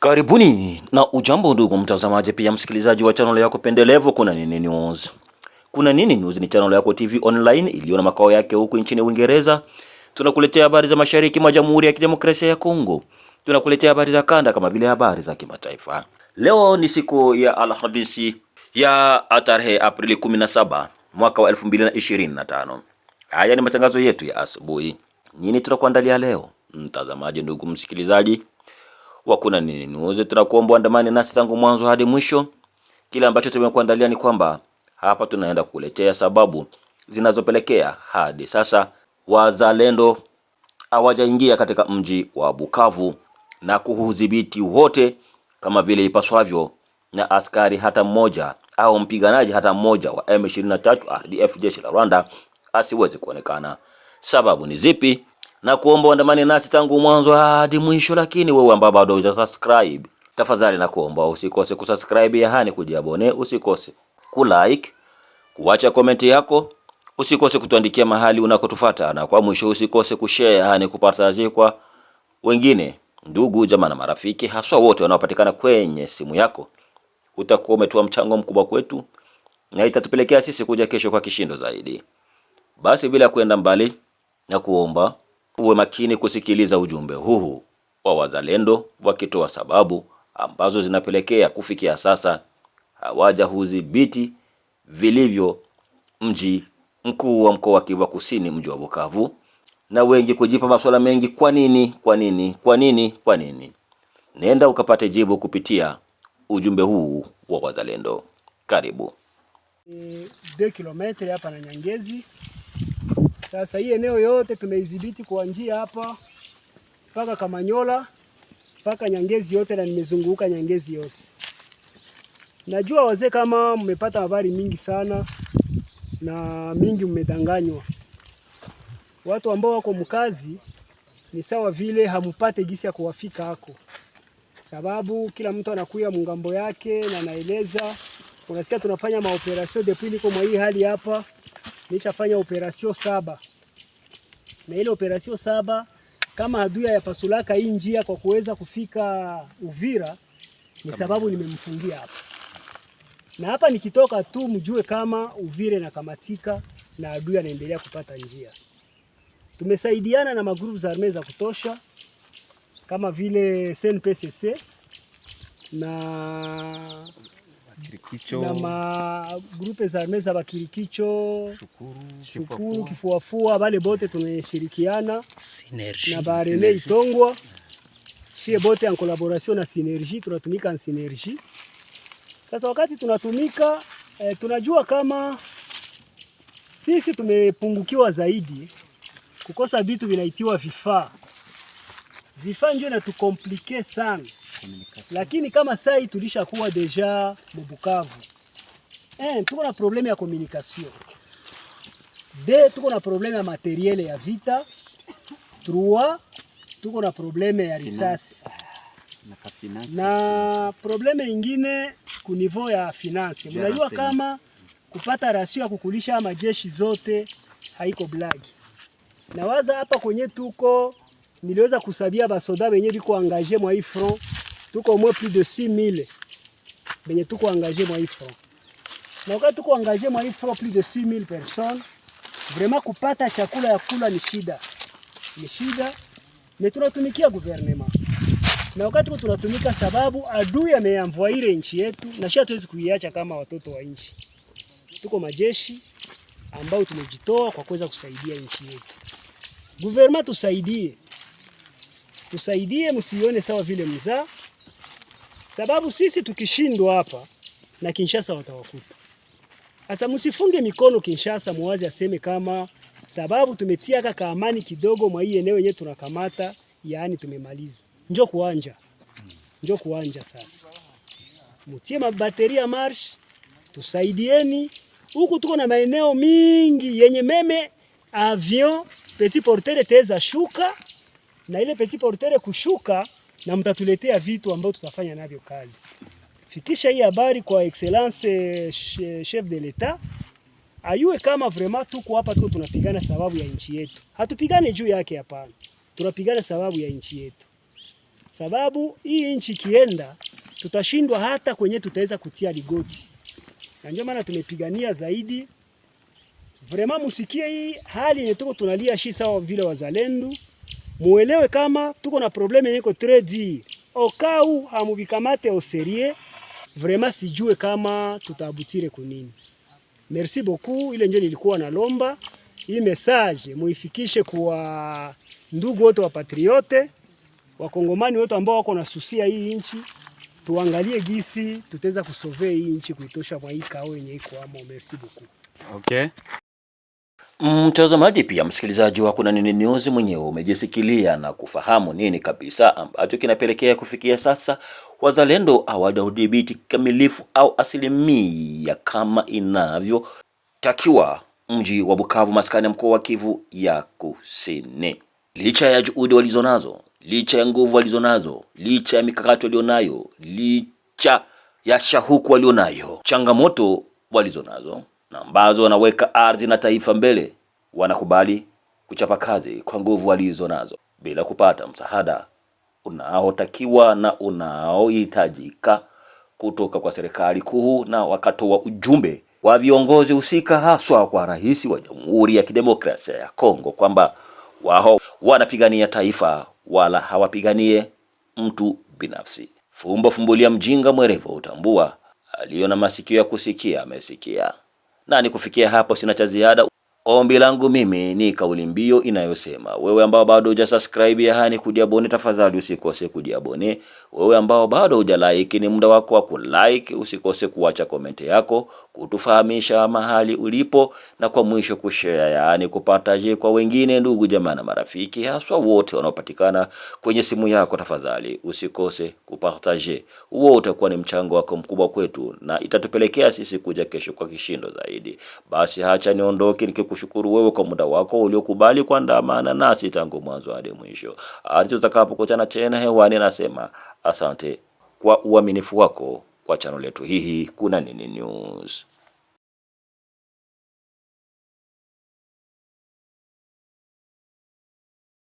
Karibuni na ujambo ndugu mtazamaji, pia msikilizaji wa channel yako pendelevu Kuna Nini News. Kuna Nini News ni channel yako TV online iliyo na makao yake huku nchini Uingereza. Tunakuletea habari za mashariki mwa Jamhuri ya Kidemokrasia ya Kongo, tunakuletea habari za kanda kama vile habari za kimataifa. Leo ni siku ya Alhamisi ya tarehe Aprili 17 mwaka wa 2025. Haya ni matangazo yetu ya asubuhi. Nini tutakuandalia leo mtazamaji, ndugu msikilizaji? wakuna nini tuna Tunakuomba andamani nasi tangu mwanzo hadi mwisho. Kile ambacho tumekuandalia ni kwamba hapa tunaenda kuletea sababu zinazopelekea hadi sasa wazalendo hawajaingia katika mji wa Bukavu na kuudhibiti wote kama vile ipaswavyo, na askari hata mmoja au mpiganaji hata mmoja wa M23 RDF jeshi la Rwanda asiweze kuonekana. Sababu ni zipi? na kuomba uandamane nasi tangu mwanzo hadi mwisho. Lakini wewe ambao bado hujasubscribe, tafadhali na kuomba usikose kusubscribe, yaani kujiabone, usikose kulike, kuacha komenti yako, usikose kutuandikia mahali unakotufata, na kwa mwisho usikose kushare, yaani kupartaje kwa wengine, ndugu jamaa na marafiki, haswa wote wanaopatikana kwenye simu yako. Utakuwa umetoa mchango mkubwa kwetu na itatupelekea sisi kuja kesho kwa kishindo zaidi. Basi bila kuenda mbali na kuomba uwe makini kusikiliza ujumbe huu wa wazalendo wakitoa wa sababu ambazo zinapelekea kufikia sasa hawaja hudhibiti vilivyo mji mkuu wa mkoa wa Kivu Kusini, mji wa Bukavu, na wengi kujipa masuala mengi, kwa nini, kwa nini, kwa nini, kwa nini? Nenda ukapate jibu kupitia ujumbe huu wa wazalendo. Karibu. E, kilometri hapa na Nyangezi sasa hii eneo yote tumeidhibiti njia hapa mpaka Kamanyola mpaka Nyangezi yote, na nimezunguka Nyangezi yote. Najua wazee, kama mmepata habari mingi sana na mingi mmedanganywa. Watu ambao wako mkazi ni sawa vile hamupate jinsi ya kuwafika hako, sababu kila mtu anakuya mungambo yake na naeleza, Unasikia tunafanya maoperasio depuis niko mwa hii hali hapa nishafanya operasio saba, na ile operasio saba kama adui ya pasulaka hii njia kwa kuweza kufika Uvira ni sababu nimemfungia hapa, na hapa nikitoka tu mjue kama Uvira inakamatika na adui anaendelea kupata njia. Tumesaidiana na magrupu za arme za kutosha kama vile snpcc na Kirikicho. Na magrupe za arme za Bakirikicho, Shukuru, Shukuru Kifuafua, bale bote tunashirikiana na bareme Itongwa, sie bote en collaboration na synergie, tunatumika en synergie. Sasa wakati tunatumika eh, tunajua kama sisi tumepungukiwa zaidi kukosa vitu vinaitiwa vifaa. Vifaa ndio inatukomplike sana lakini kama sai tulishakuwa deja mubukavu eh, tuko na probleme ya communication de, tuko na probleme ya materiele ya vita trois, tuko na probleme ya risasi na, na probleme ingine ku niveau ya finance. Mnajua kama kupata rasio ya kukulisha majeshi zote haiko blagi. Nawaza hapa kwenye tuko niliweza kusabia basoda benye biko angaje mwa front tuko au moins plus de 6000 benye tuko engagé mwa hii front, na wakati tuko engagé mwa hii front plus de 6000 personnes, vraiment kupata chakula ya kula ni shida, ni shida ne tunatumikia gouvernement na wakati tunatumika, sababu adui ameamvoire nchi yetu, na shi hatuwezi kuiacha kama watoto wa nchi. Tuko majeshi ambao tumejitoa kwa kuweza kusaidia nchi yetu. Gouvernement tusaidie, tusaidie, msione sawa vile mzaa sababu sisi tukishindwa hapa na Kinshasa watawafuta. Sasa msifunge mikono Kinshasa muwazi aseme kama sababu tumetia kaka amani kidogo mwa hii eneo yenyewe tunakamata, yaani tumemaliza. Njoo kuanja, njoo kuanja. Sasa mutie mabateria marsh, tusaidieni huku. Tuko na maeneo mingi yenye meme avion petit porteur teza shuka na ile petit porteur kushuka na mtatuletea vitu ambavyo tutafanya navyo kazi. Fikisha hii habari kwa excellence chef de l'etat ayue kama vraiment tuko hapa tuko tunapigana sababu ya nchi yetu. Hatupigane juu yake, hapana, tunapigana sababu ya nchi yetu, sababu hii nchi kienda tutashindwa hata kwenye tutaweza kutia ligoti, na ndio maana tumepigania zaidi. Vraiment musikie hii hali yetu, tunalia shi sawa vile wazalendo muelewe kama tuko na probleme yenye iko tredi okau hamubikamate oserie vraiment, sijue kama tutabutire kunini. Merci beaucoup, ile nje nilikuwa lomba hii message muifikishe kwa ndugu wote wa patriote wakongomani wote ambao wako na susia hii nchi, tuangalie gisi tutaweza kusovee hii nchi kuitosha kwa hii kao yenye iko hapo. Merci beaucoup. Okay. Mtazamaji pia msikilizaji wa Kuna Nini News mwenyewe umejisikilia na kufahamu nini kabisa ambacho kinapelekea kufikia sasa wazalendo hawana udhibiti kikamilifu au asilimia kama inavyotakiwa mji wa Bukavu, maskani ya mkoa wa Kivu ya Kusini. Licha ya juhudi walizonazo, licha ya nguvu walizonazo, licha ya mikakati walionayo, licha ya shahuku walionayo, changamoto walizonazo na ambazo wanaweka ardhi na taifa mbele, wanakubali kuchapa kazi kwa nguvu walizo nazo bila kupata msaada unaotakiwa na unaohitajika kutoka kwa serikali kuu, na wakatoa ujumbe kwa viongozi husika, haswa kwa rais wa Jamhuri ya Kidemokrasia ya Kongo kwamba wao wanapigania taifa wala hawapiganie mtu binafsi. Fumbo fumbulia mjinga, mwerevu hutambua. Aliyo na masikio ya kusikia amesikia na ni kufikia hapo, sina cha ziada. Ombi langu mimi ni kauli mbio inayosema wewe ambao bado huja subscribe ya hani kujiabone, tafadhali usikose kujiabone. Wewe ambao bado huja like, ni muda wako wa like, usikose kuacha komenti yako kutufahamisha mahali ulipo, na kwa mwisho kushare, yaani kupataje kwa wengine, ndugu jamaa na marafiki, haswa wote wanaopatikana kwenye simu yako. Tafadhali usikose kupartaje, huo utakuwa ni mchango wako mkubwa kwetu na itatupelekea sisi kuja kesho kwa kishindo zaidi. Basi hacha niondoke nikiku kushukuru wewe kwa muda wako uliokubali kuandamana nasi tangu mwanzo hadi mwisho. Hadi tutakapokutana tena hewani, nasema asante kwa uaminifu wako kwa chaneli yetu hii Kuna Nini News.